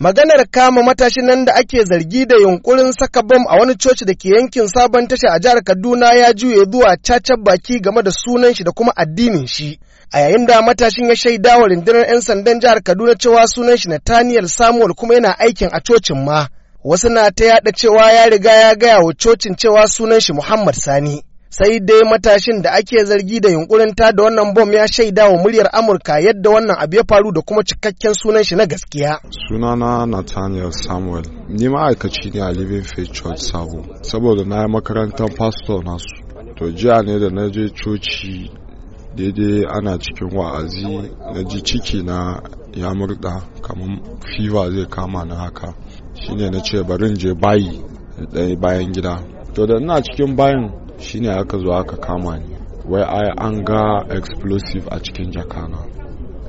Maganar kama matashin nan da ake zargi da yunkurin saka bom a wani coci da ke yankin sabon tasha a jihar Kaduna ya juye zuwa cacar baki game da sunan shi da kuma addinin shi. A yayin da matashin ya shaida wa rundunar 'yan sandan jihar Kaduna cewa sunan shi Nathaniel Samuel kuma yana aikin a cocin ma. Wasu na ta yaɗa cewa ya riga ya gaya wa cocin cewa sunan shi Muhammad Sani. sai dai matashin da ake zargi da yunkurin ta da wannan bom ya shaida wa muryar amurka yadda wannan abu ya faru da kuma cikakken sunan shi na gaskiya sunana nathaniel samuel ni ma'aikaci ne a living faith church sabo saboda na yi makarantar pastor nasu to jiya ne da na je coci daidai ana cikin wa'azi na ji ciki na ya murda kamar fiva zai kama na haka shine na ce barin je bayi bayan gida to da ina cikin bayan shine aka zo aka kama ni wai ai an ga explosive a cikin jakana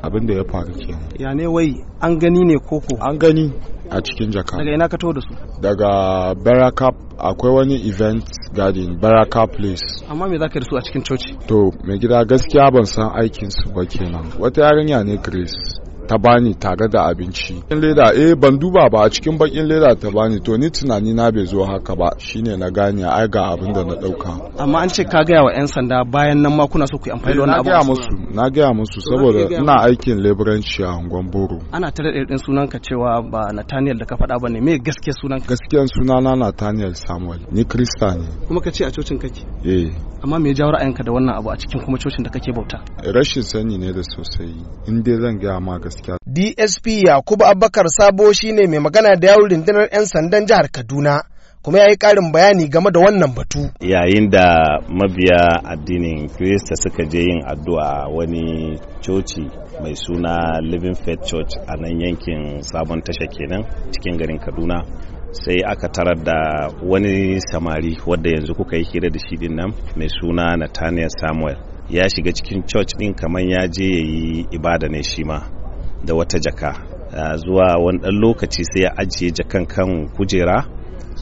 abin da ya faru kenan ya ne wai an gani ne koko an gani a cikin jaka daga ina ka da su daga baraka akwai wani event garden baraka place amma me zaka da su a cikin coci to mai gida gaskiya ban san aikin su ba kenan wata yarinya ne grace ta bani tare da abinci Bakin leda eh ban duba ba a cikin bakin leda ta bani to ni tunani na bai zo haka ba shine na gane ai ga abin da na dauka amma an ce ka gaya wa yan sanda bayan nan ma kuna so ku amfani da wani abu eh, na gaya musu na gaya musu saboda ina aikin leburanci a unguwan boro ana tare da irin sunan ka cewa ba Nathaniel da ka faɗa ba ne me gaskiya sunan gaskiyan sunana Nathaniel Samuel ni kirista ne kuma ka ce a cocin kake eh amma me ya jawo ra'ayinka da wannan abu a cikin kuma cocin da kake bauta rashin sani ne da sosai in dai zan gaya ma gaskiya DSP Yakubu Abubakar Sabo shine mai magana da yawun rundunar 'yan sandan jihar Kaduna kuma ya yi ƙarin bayani game da wannan batu. Yayin da mabiya addinin Kirista suka je yin addu'a wani coci mai suna Living Faith Church a nan yankin sabon tasha kenan cikin garin Kaduna sai aka tarar da wani samari wadda yanzu kuka yi hira da shi din nan mai suna Nathaniel Samuel ya shiga cikin church din kamar ya je ya yi ibada ne shi ma da wata jaka ah, zuwa wani ɗan lokaci sai ya ajiye jakan kan kujera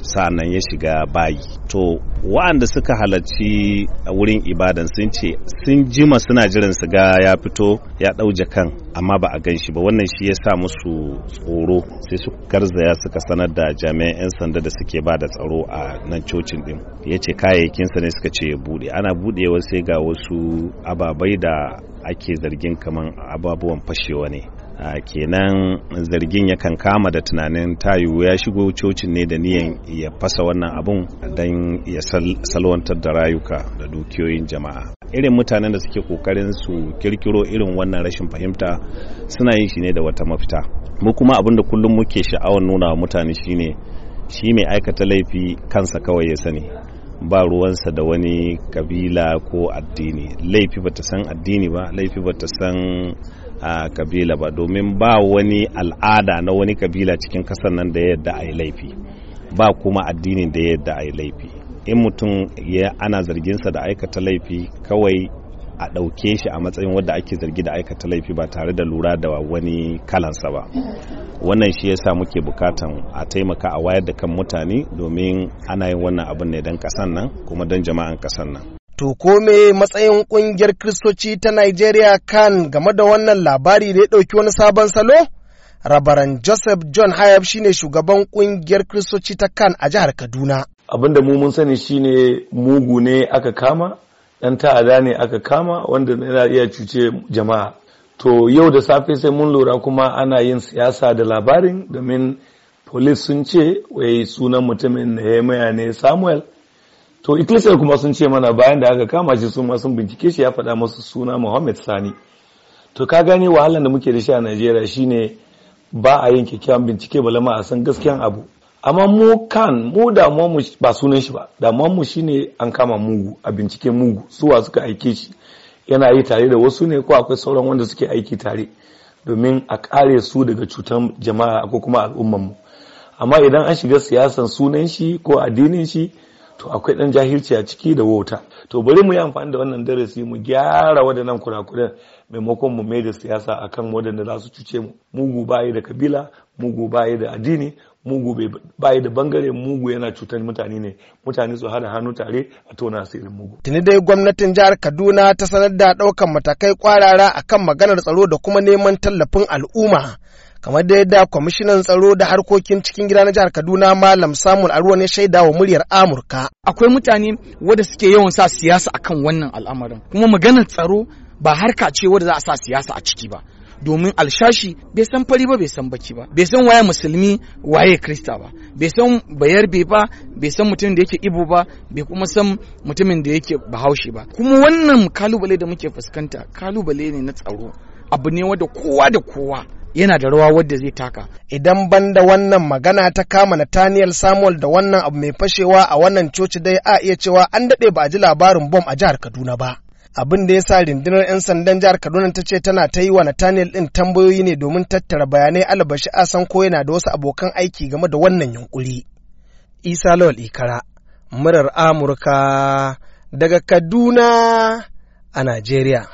sa'annan ya shiga bayi to wa'anda suka halarci a wurin ibadan sun ce sun jima suna jiran su ga ya fito ya ɗau kan amma ba a gan shi ba wannan shi ya sa musu tsoro sai su garzaya suka sanar da jami'an 'yan sanda da suke ba da tsaro a nan cocin din ya ce kayayyakinsa ne suka ce ya buɗe ana buɗewa sai ga wasu ababai da ake zargin kaman ababuwan fashewa ne kenan zargin yakan kama da tunanin tayu ya shigo cocin ne da niyan ya fasa wannan abun don ya salwantar da rayuka da dukiyoyin jama'a irin mutanen da suke kokarin su kirkiro irin wannan rashin fahimta suna yin shi ne da wata mafita mu kuma abin da kullum muke sha'awar nuna wa mutane shine shi mai aikata laifi kansa kawai ya sani ba ruwansa da wani kabila ko addini laifi bata san addini ba laifi bata san a kabila ba domin ba wani al'ada na wani kabila cikin kasar nan da yadda a yi laifi ba kuma addinin da yadda a yi laifi in mutum ya ana zarginsa da aikata laifi kawai a ɗauke shi a matsayin wadda ake zargi da aikata laifi ba tare da lura da wani kalansa ba wannan shi yasa muke bukatan a taimaka a wayar da kan mutane domin ana yin wannan abin ne don ƙasan nan kuma don jama'an kasan nan To kome matsayin kungiyar Kristoci ta Nigeria kan game da wannan labari da ya ɗauki wani sabon salo? Rabaran Joseph John Hayab shine shugaban kungiyar Kristoci ta kan a jihar Kaduna. Abinda mu mun sani shine mugu ne aka kama ɗan ta'ada ne aka kama wanda yana iya cuce jama'a to yau da safe sai mun lura kuma ana yin siyasa da labarin domin polis sun ce wai sunan mutumin ya ne Samuel to ikkilisiyar kuma sun ce mana bayan da aka kama shi sun sun bincike shi ya faɗa masu suna Muhammad Sani to ka gane wahalar da muke da shi a Najeriya shine ba a yin kyakkyawan bincike balama a san gaskiyan abu amma mu kan mu damuwar mu ba sunan shi ba damuwar mu shine an kama mugu a bincike mugu suwa suka aike shi yana yi tare da wasu ne ko akwai sauran wanda suke aiki tare domin a kare su daga cutar jama'a ko kuma al'ummar mu amma idan an shiga siyasan sunan shi ko addinin shi to akwai dan jahilci a ciki da wauta to bari mu yi amfani da wannan darasi mu gyara waɗannan kurakuran maimakon mu mai da siyasa akan wadanda za su cuce mu mugu bayi da kabila mugu bayi da addini mugu bai da bangare mugu yana cutar mutane ne mutane su hada hannu tare a tona asirin mugu tuni dai gwamnatin jihar kaduna ta sanar da daukan matakai kwarara akan maganar tsaro da kuma neman tallafin al'umma kamar da yadda kwamishinan tsaro da harkokin cikin gida na jihar kaduna malam samun aruwa ne shaida wa muryar amurka akwai mutane wanda suke yawan sa siyasa akan wannan al'amarin kuma maganar tsaro ba harka ce wanda za a sa siyasa a ciki ba domin alshashi bai san fari ba bai san baki ba bai san waye musulmi waye krista ba bai san bayarbe ba bai san mutumin da yake ibo ba bai kuma san mutumin da yake bahaushe ba kuma wannan kalubale da muke fuskanta kalubale ne na tsaro abu ne wanda kowa da kowa yana da rawa wadda zai taka. Idan banda wannan magana ta kama Nathaniel Samuel da wannan abu mai fashewa a wannan coci dai a iya cewa an daɗe ba a ji labarin bom a jihar Kaduna ba. abin da ya sa rundunar 'yan sandan jihar kaduna ta ce tana ta yi wa nataniel ɗin tambayoyi ne domin tattara bayanai albashi a san ko yana da wasu abokan aiki game da wannan yunkuri isa lawal ikara murar amurka daga kaduna a najeriya